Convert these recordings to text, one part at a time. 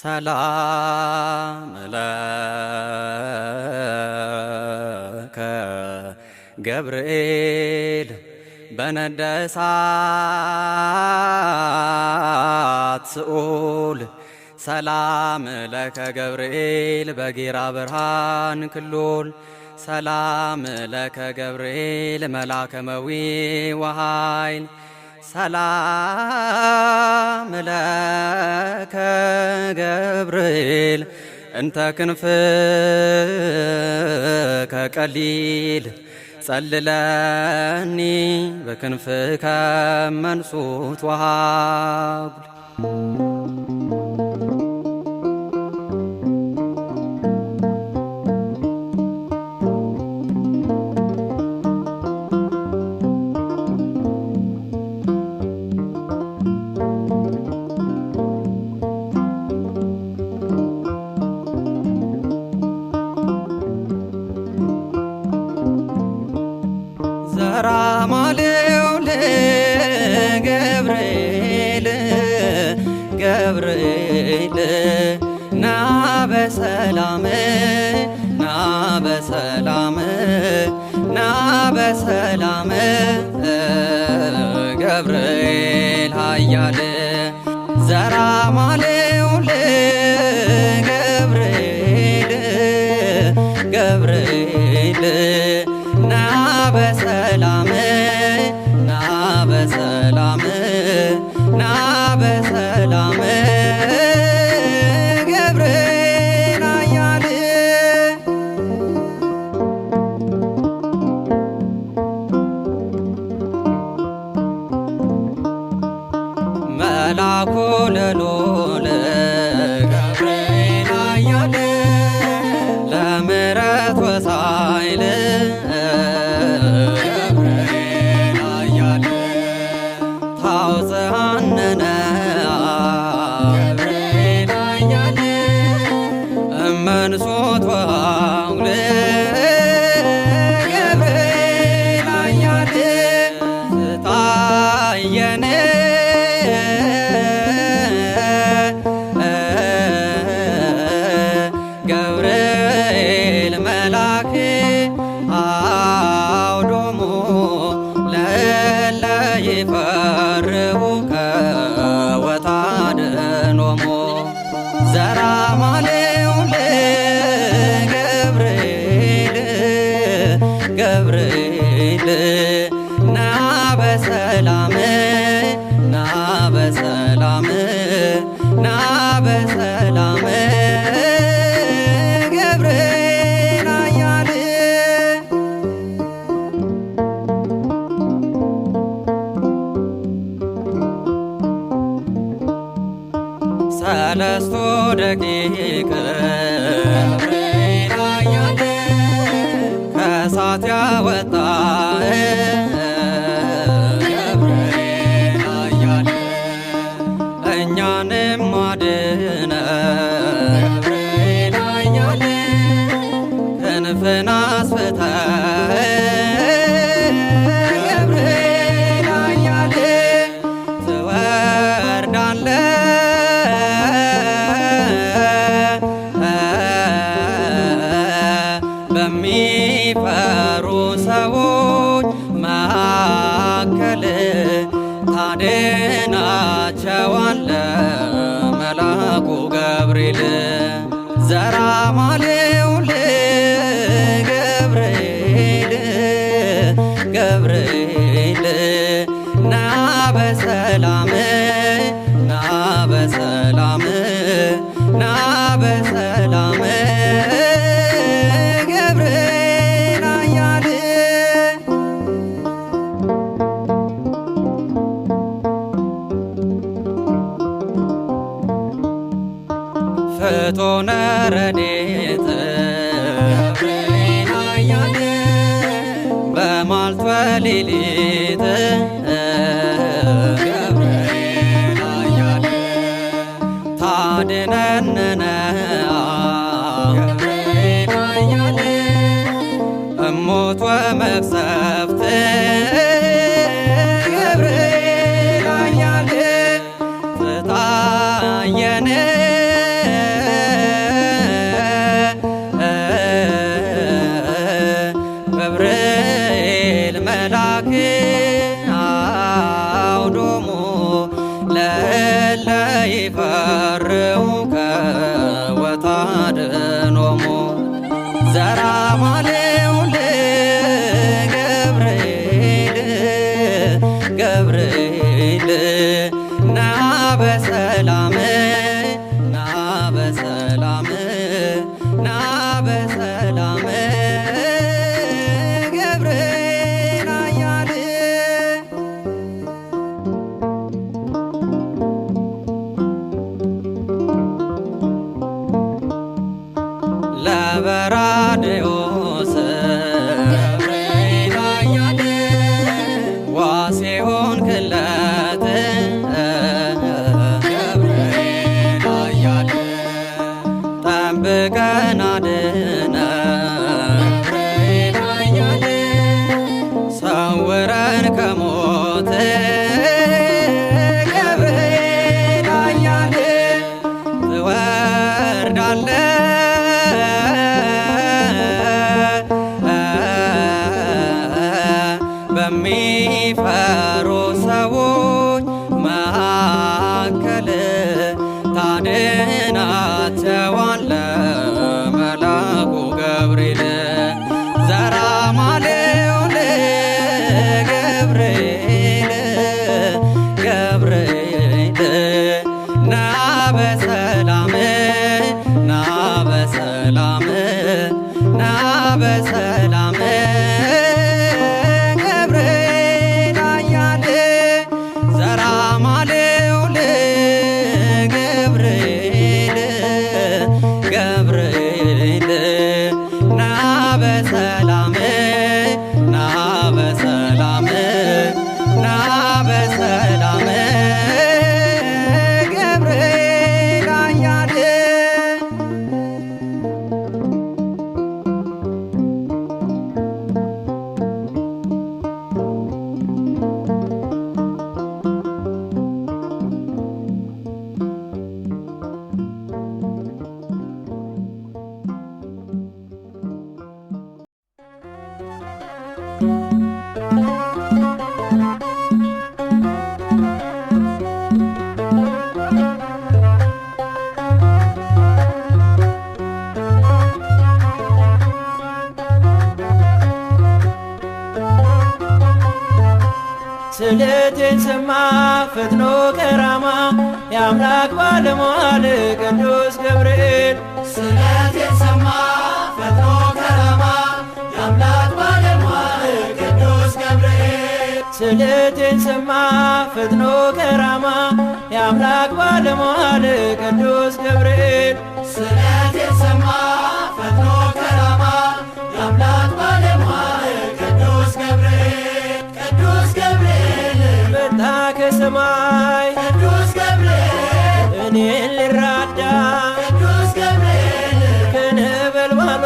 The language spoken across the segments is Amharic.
ሰላም ለከ ገብርኤል በነደ እሳት ሰላም ለከ ገብርኤል በጌራ ብርሃን ክሎል ሰላም ለከ ገብርኤል መላከመዊ ወሃይል ሰላም ለከ ገብርኤል እንተ ክንፍከ ቀሊል ጸልለኒ በክንፍከ መንሱት ወሃጉል ገብርኤል ና በሰላም ና በሰላም ና በሰላም ገብርኤል ኃያል ዘራ ወያኔ Cause I ሰላምና በጸ ጩኸቴን ሰማ ፈጥኖ ከራማ የአምላክ ባለሟል ቅዱስ ገብርኤል ስለቴን ሰማ ፈጥኖ ከራማ የአምላክ ባለሟል ቅዱስ ገብርኤል ስእለቴን ሰማ ፈጥኖ ከራማ የአምላክ ባለሟል ቅዱስ ገብርኤል ስእለቴን ሰማ ፈጥኖ ከራማ ከሰማይ ቅዱስ ገብርኤል እኔን ልራዳ ቅዱስ ገብርኤል ከነበልባሉ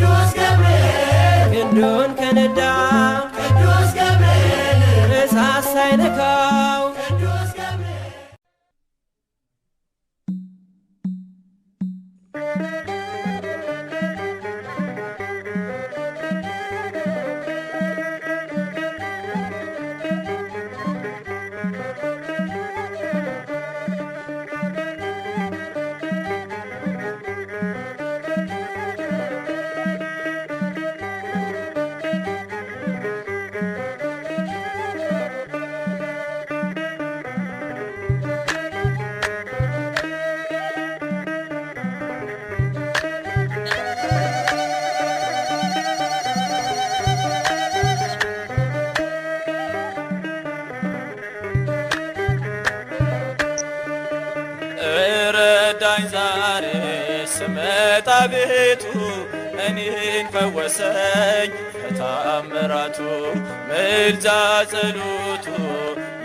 ቅዱስ ገብርኤል ክንዱን ከነዳ ቅዱስ ገብርኤል እሳት ሳይነካ አቤቱ እኔን ፈወሰኝ በታምራቱ ምልጃ ጸሎቱ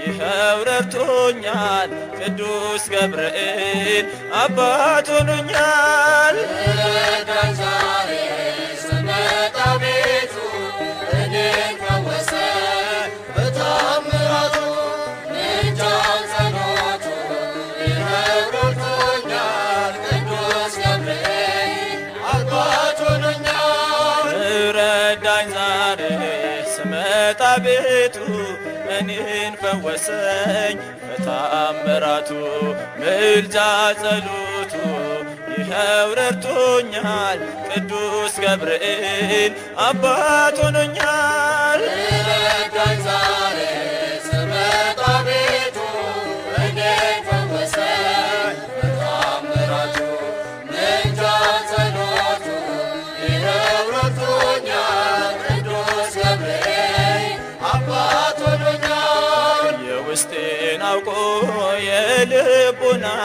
ይኸው ረድቶኛል ቅዱስ ገብርኤል አባቱኑኛል ሆኖኛል ምጡ እኔን ፈወሰኝ በታምራቱ ምልጃ ጸሎቱ ይኸው ረድቶኛል ቅዱስ ገብርኤል አባት ሆኖኛል። አውቆ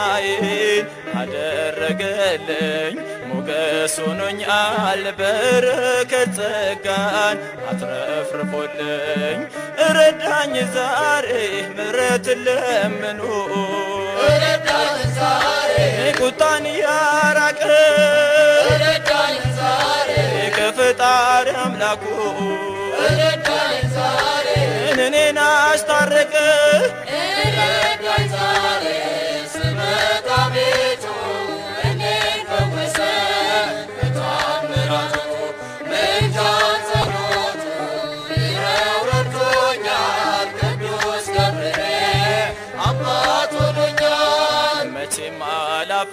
አይን አደረገልኝ። ሞገስ ሆኖኛል በረከት ጸጋን አትረፍርፎልኝ። እረዳኝ ዛሬ ምሕረት ለምኑ ቁጣን ያራቅ ከፈጣሪ አምላኩ እኔን አስታረቀ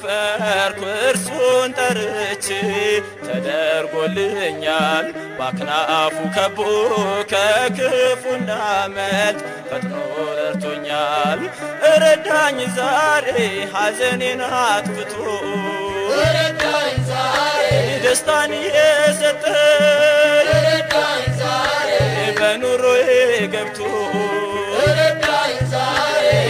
ተዳፈርኩ እርሱን ጠርቼ ተደርጎልኛል ባክናፉ ከቦ ከክፉና መልት ፈጥኖ ረድቶኛል እረዳኝ ዛሬ ሐዘኔን አጥፍቶ እረዳኝ ዛሬ ደስታን የሰጠ እረዳኝ ዛሬ በኑሮዬ ገብቶ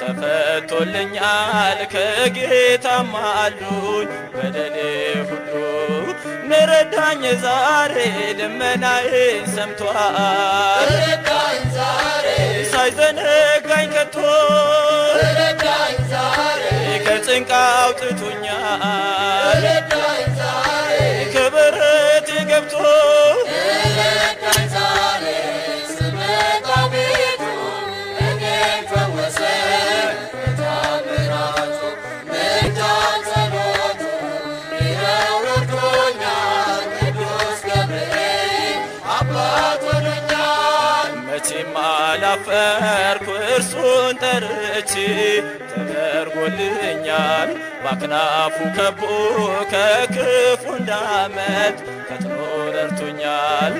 ተፈቶልኛል ከጌታም አሉኝ በደሌ ሁሉ ንረዳኝ ዛሬ ልመናዬን ሰምቷል ሳይዘነጋኝ ከቶ ከጭንቃ አውጥቶኛል አፈርኩ እርሱን ጠርቼ ተደርጎልኛል ባክናፉ ከቦ ከክፉ እንዳመት ፈጥኖ ረድቶኛል።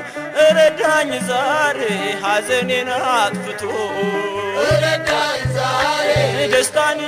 እረዳኝ ዛሬ ሐዘኔን አጥፍቶ እረዳኝ ዛሬ ደስታን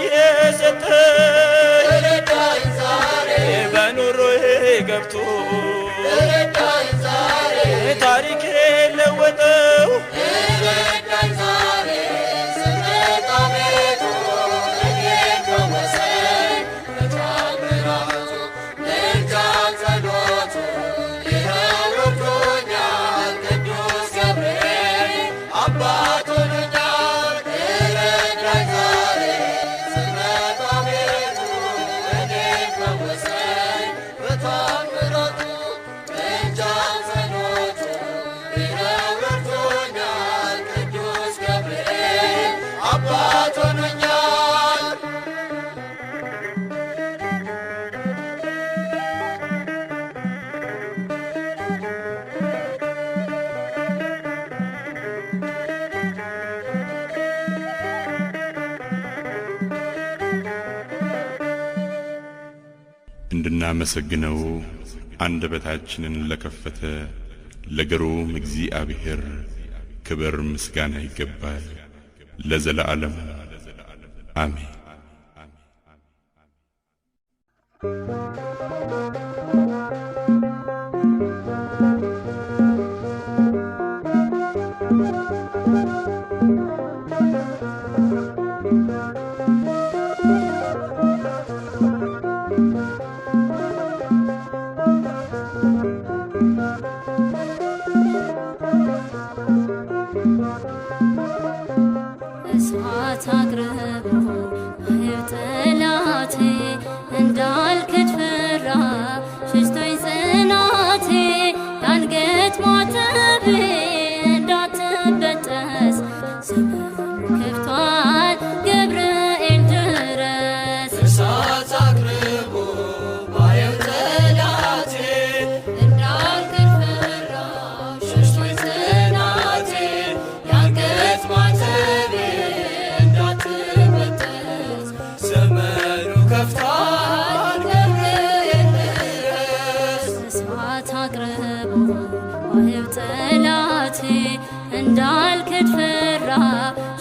አንድ አንደበታችንን ለከፈተ ለግሩም እግዚአብሔር ክብር ምስጋና ይገባል ለዘለዓለም አሜን። 啊。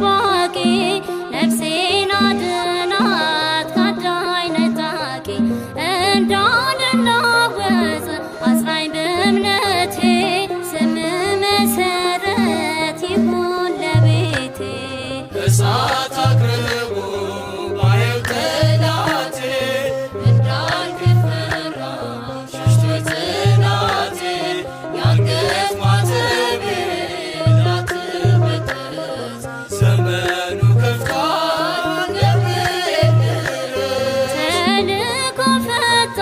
风。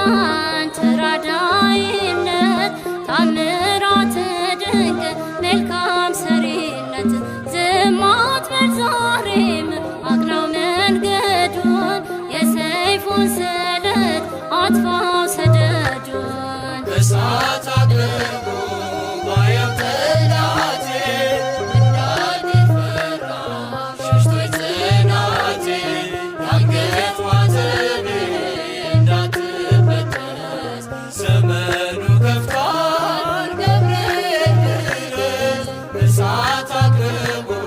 passar I talk ataqım bu